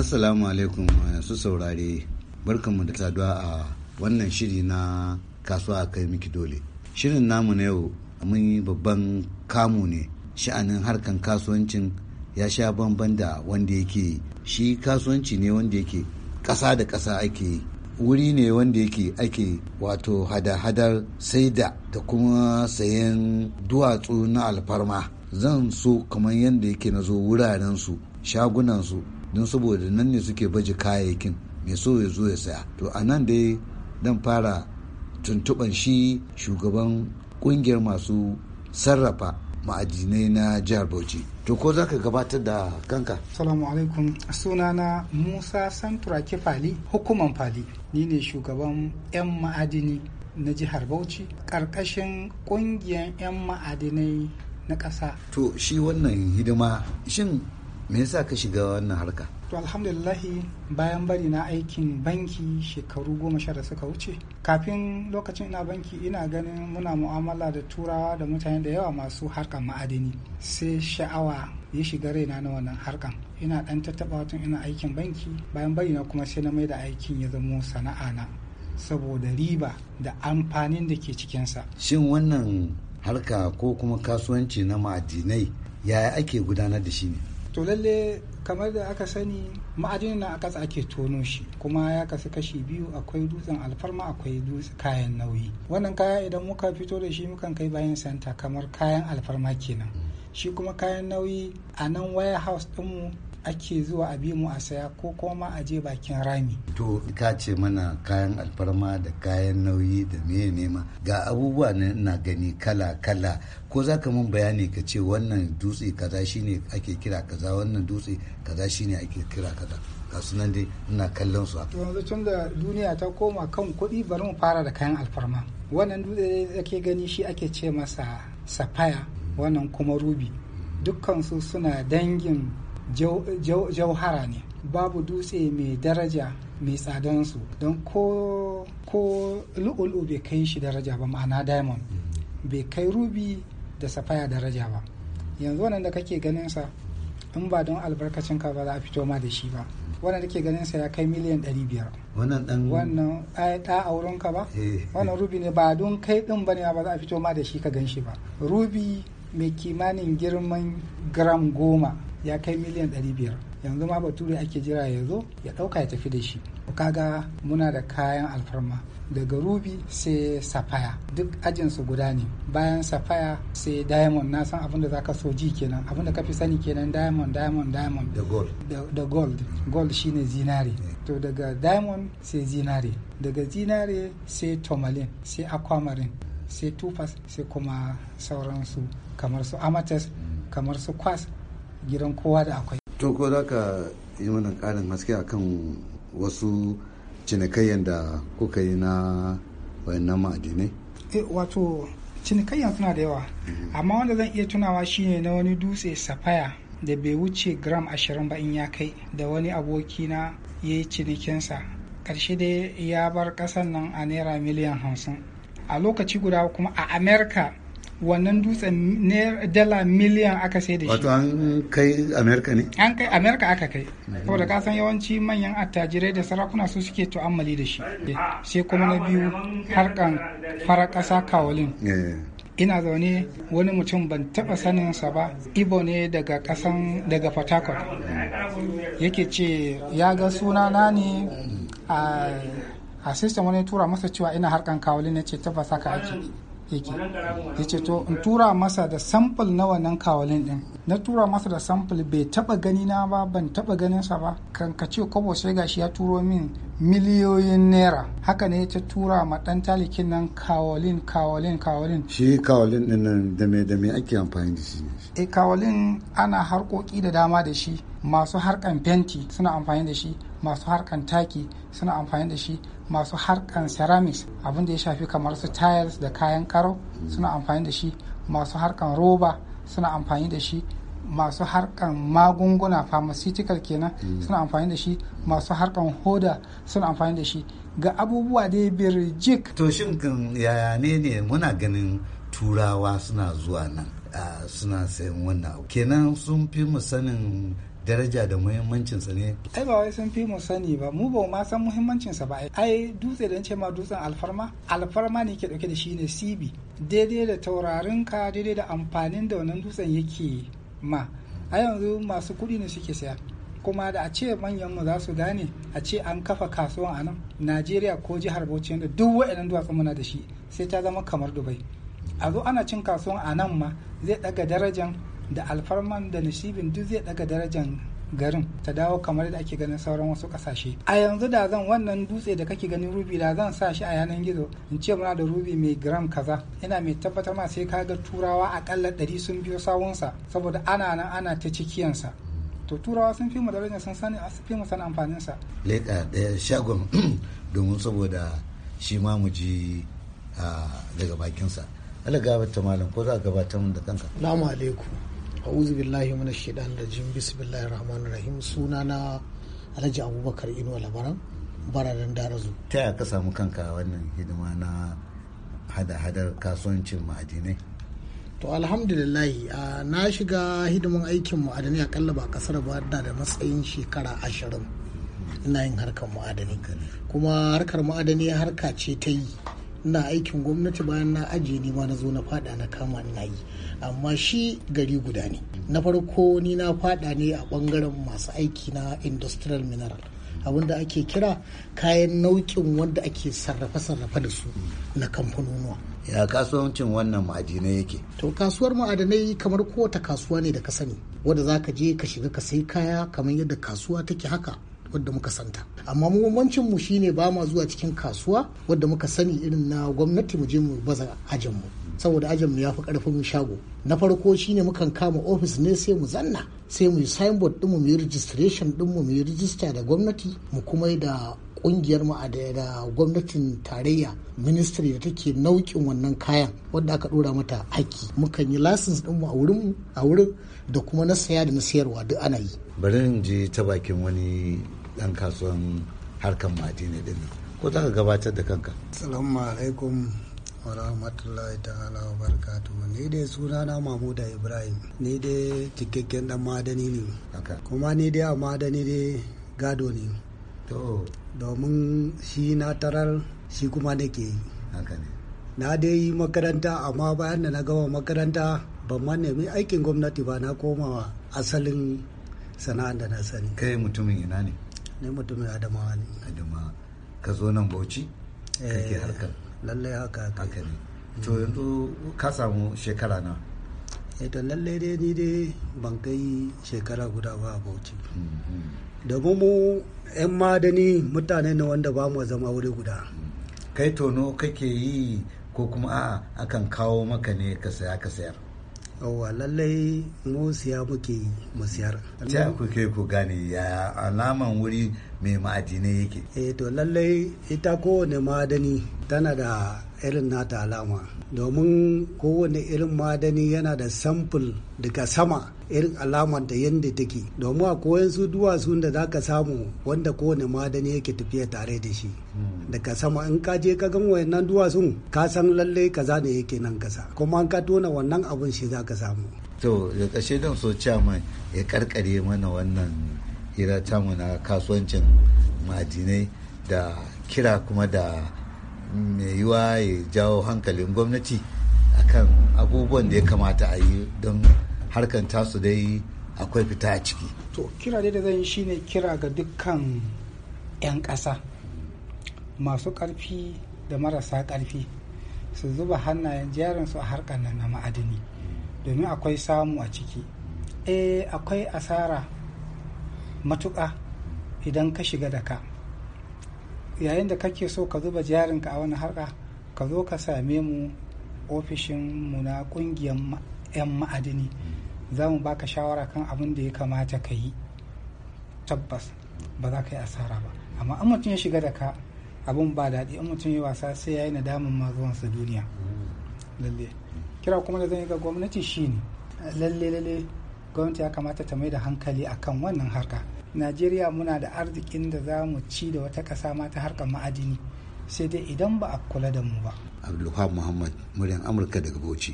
Assalamu alaikum su saurare barkanmu da saduwa a wannan shiri na kasuwa a kai miki dole. Shirin namu na yau mun yi babban kamu ne sha'anin harkan kasuwancin ya sha bamban da wanda yake shi kasuwanci ne wanda yake ƙasa da ƙasa ake yi wuri ne wanda yake ake wato hada-hadar sai da kuma sayen duwatsu na alfarma zan so kamar yadda yake na zo wurarensu shagunansu don saboda nan ne suke baje kayayyakin mai so ya zo ya saya to a nan dai dan fara tuntuban shi shugaban kungiyar masu sarrafa ma'adinai na jihar bauchi to ko za ka gabatar da kanka salamu alaikum sunana musa santuraki fali hukuman fali ni ne shugaban 'yan ma'adini na jihar bauchi ƙarƙashin ƙungiyar 'yan ma'adinai na ƙasa to shi wannan hidima shin me yasa ka shiga wannan harka to alhamdulillah, bayan bari na aikin banki shekaru goma sha da suka wuce kafin lokacin ina banki ina ganin muna mu'amala da turawa da mutane da yawa masu harkar ma'adini sai sha'awa ya shiga raina na wannan harkan ina dan tattaɓa tun ina aikin banki bayan bari na kuma sai na mai da aikin ya zamo sana'a na saboda riba da amfanin da ke cikinsa shin wannan harka ko kuma kasuwanci na ma'adinai yaya ake gudanar da shi ne to lalle kamar da aka sani ma'adinin na a ƙasa ake tono shi kuma ya kasu kashi biyu akwai dutsen alfarma akwai dutsen kayan nauyi wannan kaya idan muka fito da shi mukan kai bayan santa kamar kayan alfarma kenan hmm. shi kuma kayan nauyi a nan waya house dinmu. ake zuwa a bi mu a saya ko kuma a je bakin rami. To ka ce mana kayan alfarma da kayan nauyi da meye nema ga abubuwa na gani kala kala ko za ka mun bayani ka ce wannan dutse kaza shine ake kira kaza wannan dutse kaza shine ake kira kaza. ga nan dai ina kallon su to yanzu tun da duniya ta koma kan kuɗi bari mu fara da kayan alfarma wannan dutse da ke gani shi ake ce masa safaya wannan kuma rubi dukkansu suna dangin jauhara ne babu dutse mai daraja mai tsadansu don ko lu'ulu bai kai shi daraja ba ma'ana diamond mm. bai kai rubi da safaya daraja ba yanzu wannan da kake ganin sa in ba don albarkacin ka ba za a fito ma da shi ba wannan da ke ganin sa ya kai miliyan 500 wannan dan wannan ɗa auren ka ba eh. wannan rubi ne ba don kai din bane ba za a fito ma da shi ka ganshi ba rubi mai kimanin girman gram goma ya kai miliyan 500 yanzu ma bature ake jira ya zo ya ɗauka ya tafi da shi kaga muna da kayan alfarma daga rubi sai safaya duk ajinsu guda ne bayan safaya sai diamond na san abinda za ka so ji kenan abinda ka fi sani kenan diamond diamond diamond da gold da gold gold shine zinare eh. to daga diamond sai zinare daga zinare sai tourmaline sai aquamarine sai tufas sai kuma sauransu kamar su amethyst mm. kamar su kwas gidan kowa da akwai to ko za ka yi mana ƙarin haske a kan wasu cinikayyar da kuka yi na wayannan ma'adinai eh, wato cinikayyar suna da yawa mhm. amma wanda zan iya tunawa shine na wani dutse safaya da bai wuce gram ashirin ba in ya kai da wani abokina ya yi cinikinsa ƙarshe dai ya bar ƙasan nan a naira miliyan hamsin a lokaci guda kuma a amerika wannan dutsen ne dala miliyan aka sai da shi wato an kai amerika ne an kai amerika aka kai saboda ka san yawanci manyan attajirai da sarakuna su suke tu'ammali da shi sai kuma na biyu harkan farar kasa kawolin eh. ina zaune wani mutum ban taɓa saninsa ba ibo ne daga ƙasan daga fatakon yake ce ya ga na ne a a wani tura masa cewa ina harkan kawolin ne ce tabbasa ka ake yake to in tura masa da sample nawa nan kawalin din na tura masa da sample bai taba gani na ba ban taba ganin sa ba kan ka ce kobo sai gashi ya turo min miliyoyin naira haka ne ta tura ma dan talikin nan kawalin kawalin kawalin shi kawalin din nan da me da me ake amfani da shi e kawalin ana harkoki da dama da shi masu harkan fenti suna amfani da shi masu harkan taki suna amfani da shi masu harkan ceramics abin da ya shafi kamar su tiles da kayan karo suna amfani da shi masu harkan roba suna amfani da shi masu harkan magunguna pharmaceutical kenan mm. suna amfani da shi masu harkan hoda suna amfani da shi ga abubuwa dai birjik to shin yaya ne ne muna ganin turawa suna zuwa nan suna sayan wannan kenan sun fi mu sanin daraja da muhimmancinsa ne ai ba wai sun fi mu sani ba mu ba ma san muhimmancinsa ba ai dutse da ce ma dutsen alfarma alfarma ne ke dauke da shi sibi daidai da taurarinka daidai da amfanin da wannan dutsen yake ma a yanzu masu kuɗi ne suke saya kuma da a ce manyan mu za su gane a ce an kafa kasuwan a nan najeriya ko jihar bauchi da duk wa'annan duwatsun muna da shi sai ta zama kamar dubai a zo ana cin kasuwan a nan ma zai ɗaga darajan da alfarman da nasibin duk zai daga darajan garin ta dawo kamar da ake ganin sauran wasu kasashe a yanzu da zan wannan dutse da kake ganin rubi da zan sa shi a yanan gizo in ce muna da rubi mai gram kaza ina mai tabbatar ma sai kaga turawa akalla ɗari sun biyo sawunsa saboda ana nan ana ta cikiyansa to turawa sun fi mu darajar sun sani a fi mu san amfanin sa leka ɗaya shagon domin saboda shi ma mu ji ah, daga bakinsa alaga ta malam ko za ka gabatar da kanka alaikum a'udhu billahi minash shaitanir rajim bismillahir rahmanir rahim na Alhaji Abubakar Inuwa Labaran bararen Darazu ta yaya ka samu kanka wannan hidima na hada-hadar kasuwancin ma'adinai to alhamdulillah na shiga hidimin aikin ma'adanai akalla ba kasar ba da da matsayin shekara ashirin ina yin harkar ma'adani kuma harkar ma'adani harka ce ta yi na aikin gwamnati bayan na ajiye ni ma na zo na fada na kama na yi amma shi gari guda ne na farko ni na fada ne a bangaren masu aiki na industrial mineral abinda ake kira kayan naukin wanda ake sarrafa-sarrafa da su na kamfanonuwa ya kasuwancin wannan ma'adinai yake to kasuwar ma'adinai kamar kowace kasuwa ne da ka sani wadda za ka je ka shiga ka sai kaya kamar yadda kasuwa take haka wadda muka santa amma mu mu shine ba ma zuwa cikin kasuwa wadda muka sani irin na gwamnati mu je mu baza ajin mu saboda ajin mu ya fi karfin shago na farko shine mukan kama ofis ne sai mu zanna sai mu yi signboard din mu yi registration din mu yi register da gwamnati mu kuma yi da kungiyar mu a da gwamnatin tarayya ministry da take naukin wannan kayan wadda aka dora mata haki mukan yi license din mu a wurin mu a wurin da kuma na saya da na sayarwa duk ana yi bari in je ta bakin wani ɗan kasuwan harkar madina din ko za ka gabatar da kanka salamu alaikum wa rahmatullahi ta'ala wa barakatu ni dai sunana mamuda ibrahim ni dai cikakken dan madani ne kuma ni dai a madani dai gado ne domin shi na tarar shi kuma nake yi na dai yi makaranta amma bayan da na gama makaranta ban ma nemi aikin gwamnati ba na komawa asalin sana'an da na sani kai mutumin ina ne ne mutumin adamawa ne adama ka zo nan bauchi kake eh, harkar lallai haka haka ne mm. to yanzu ka samu shekara na eh, to lallai dai ni dai ban kai shekara guda ba a bauchi mm-hmm. da mu 'yan madani mutane ne wanda ba mu zama wuri guda mm. kai tono kake yi ko kuma a'a akan kawo maka ne ka saya ka sayar yawwa lallai mu siya muke mu siyar ta ku ke ku gani ya alaman wuri mai ma'adinai yake eh to lallai ita kowane madani tana da irin nata alama domin kowane irin madani yana da samfil daga sama irin alamar da yadda take domin a koyansu duwatsu da za ka samu wanda kowane madani yake tafiya tare da shi hmm. daga sama in ka je ka gan wayannan duwatsun ka san lallai kaza ne yake nan kasa kuma an ka tona wannan abin shi za ka samu to da kashe don so ya karkare mana wannan hira tamu na kasuwancin ma'adinai da kira kuma da mai yiwa ya jawo hankalin gwamnati kan abubuwan da ya kamata a yi don harkan tasu dai akwai fita a ciki to kira dai da zan yi shine kira ga dukkan 'yan ƙasa masu ƙarfi da marasa ƙarfi su zuba hannayen jarinsu a harkar nan na ma'adini domin akwai samu a ciki eh akwai asara matuƙa idan ka shiga da ka yayin da kake so ka zuba jarin ka a wani harka ka zo ka same mu ofishin mu na ƙungiyar 'yan ma'adini za mu baka shawara kan abin da ya kamata ka yi tabbas ba za ka yi asara ba amma in mutum ya shiga da ka abin ba daɗi in mutum ya wasa sai ya yi nadamin ma zuwansa duniya lalle kira kuma da zan yi ga gwamnati shine lalle lalle gwamnati ya kamata ta mai da hankali akan wannan harka najeriya muna da arzikin da za mu ci da wata ƙasa ma ta harkar ma'adini sai dai idan ba a kula da mu ba abdulluha muhammad muryan amurka daga bauchi